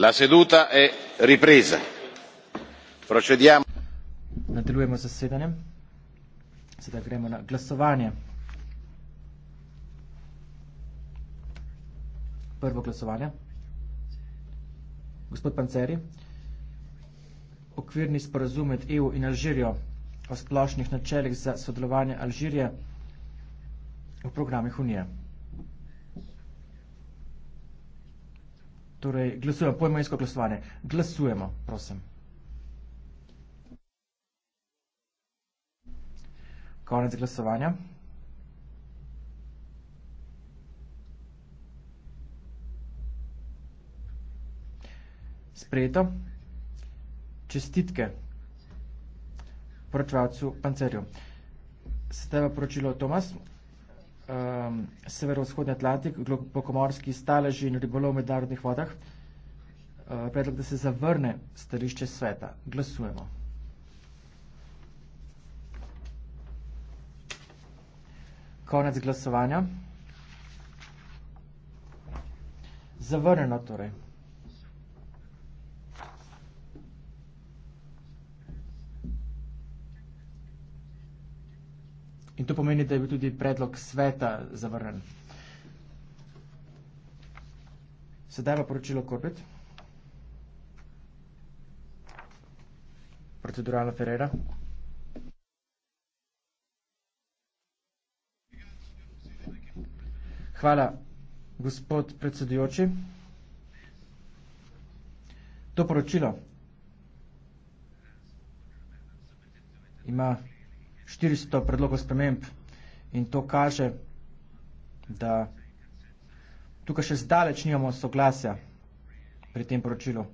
la seduta è ripresa procediamo na drugem zasedanju sedaj gremo na glasovanje prvo glasovanje gospod panceri okvirni sporazum med EU in Alžirijo o splošnih načelih za sodelovanje Alžirije v programih Unije. Torej, glasujemo, pojmojsko glasovanje. Glasujemo, prosim. Konec glasovanja. Sprejeto. Čestitke poročevalcu Pancerju. Sedaj pa poročilo Tomas um, severovzhodni Atlantik, globokomorski staleži in ribolov v mednarodnih vodah. Uh, predlog, da se zavrne stališče sveta. Glasujemo. Konec glasovanja. Zavrneno torej. In to pomeni, da je bil tudi predlog sveta zavrnen. Sedaj pa poročilo Korbet. Proceduralna Ferreira. Hvala, gospod predsedujoči. To poročilo ima 400 predlogov sprememb in to kaže, da tukaj še zdaleč nimamo soglasja pri tem poročilu.